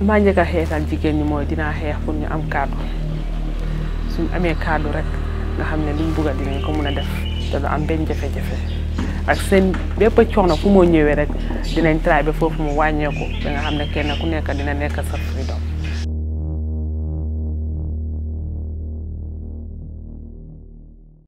li ma njëkk a xeexal jigéen ñi mooy dinaa xeex pour ñu am kàddu suñ amee kàddu rek nga xam ne liñ bugg a dinañ ko mun a def te du am benn jafe-jafe ak seen bépp coono ku moo ñëwee rek dinañ traité foofu mu wàññeeku da nga xam ne kenn ku nekk dina nekk sa freedom